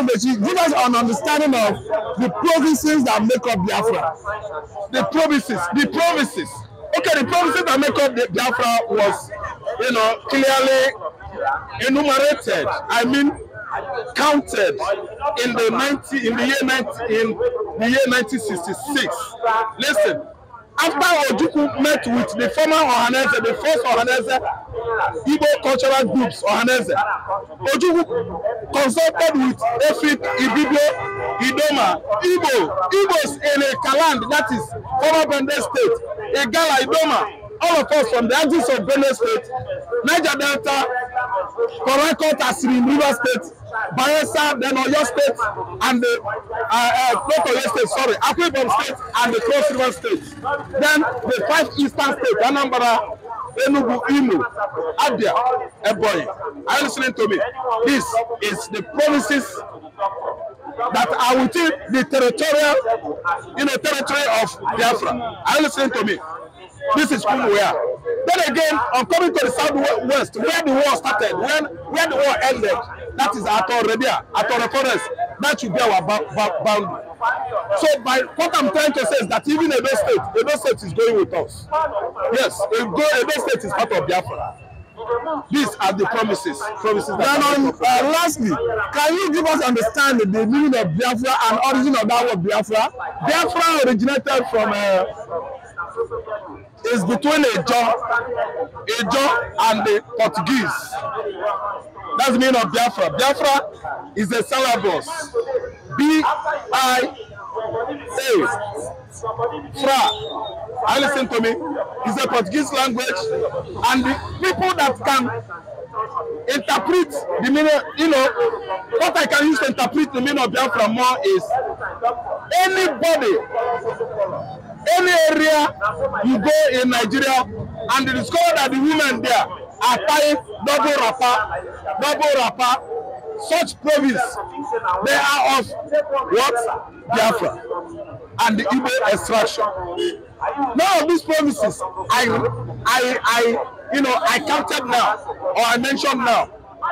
Mumechi, give us an understanding of the provinces that make up Biafra. The provinces, the provinces. Okay, the provinces that make up the Biafra was, you know, clearly enumerated. I mean, counted in the 90 in the year 90 in the year 1966. Listen, after Ojukwu met with the former Ohaneze, the first Ohaneze, Igbo cultural groups, Ohaneze, Ojukwu consulted with Efik, Ibibio, Idoma, Igbo, Igbos in a Kaland, that is former Bende state, Igala, Idoma, all of us from the edges of Benue State, Niger Delta, Korakot, Asirim River State, Bayelsa, then Oyo State, and the uh, uh, not Oyo State, sorry, Akwebom State, and the Cross River State. Then the five eastern states, Anambra, Enugu, Imo, Abia, Ebonyi. Are you listening to me? This is the promises that are within the territorial, in the territory of Biafra. Are you listening to me? This is Kumuwea. Then again, I'm coming to the southwest, where the war started, when where the war ended. That is Ator Rebia, Ator Forest. That should be our boundary. So by what I'm trying to say is that even Edo State, Edo State is going with us. Yes, Edo, State is part of Biafra. These are the promises. Promises. Then on, uh, lastly, can you give us understand the meaning of Biafra and origin of that word Biafra? Biafra originated from uh, is between Ejo, Ejo and the Portuguese. That's the meaning of Biafra. Biafra is a syllabus. B-I-A. Fra. Are you listening to me? It's a Portuguese language. And the people that can interpret the meaning you know what i can use to interpret the meaning of biafra more is anybody any area you go in Nigeria and they discover that the women there are tying double wrapper, double wrapper, such province, they are of what? Biafra and the Igbo extraction. None of these promises I, I, I, you know, I counted now or I mentioned now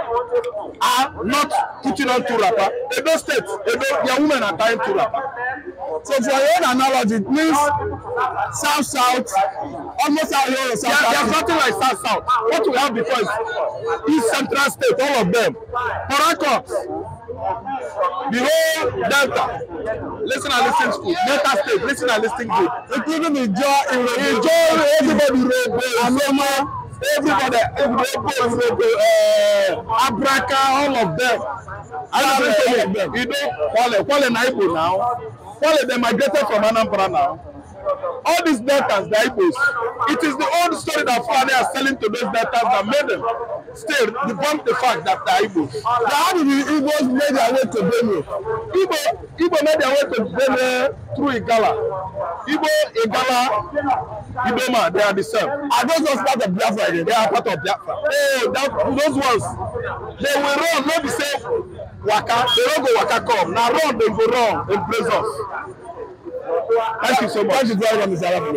are not putting on Turapa. Edo State, Edo, their women are tying Turapa. So for your own analogy, it means South South, almost our own South yeah, South. There's nothing like South South. What we have before is East Central State, all of them. Paracops, the whole delta listen and listen ten delta state listen and lis ten group including ijo iroyin ijo everybody robo alomo everybody, everybody, uh, Abraka, all of them. I don't know all of them. You know, Kwale, Kwale Naibo now. Kwale, they migrated from Anambra now. All these debtors, the Igbos, it is the old story that Fulani are selling to those debtors that made them. Still, debunk the fact that the Igbos. Now, how did the Igbos make their way to Benue? Ibo Ibo made their way to Benue through Igala. Ibo Igala, man, they are the same. Are those ones part of Biafra again? They are part of Biafra. Oh, that, those ones, they will run, not the same waka, they don't go waka come. Now run, they go run in place us. Thank you so much. Thank you very much, Mr. Alaphilippe.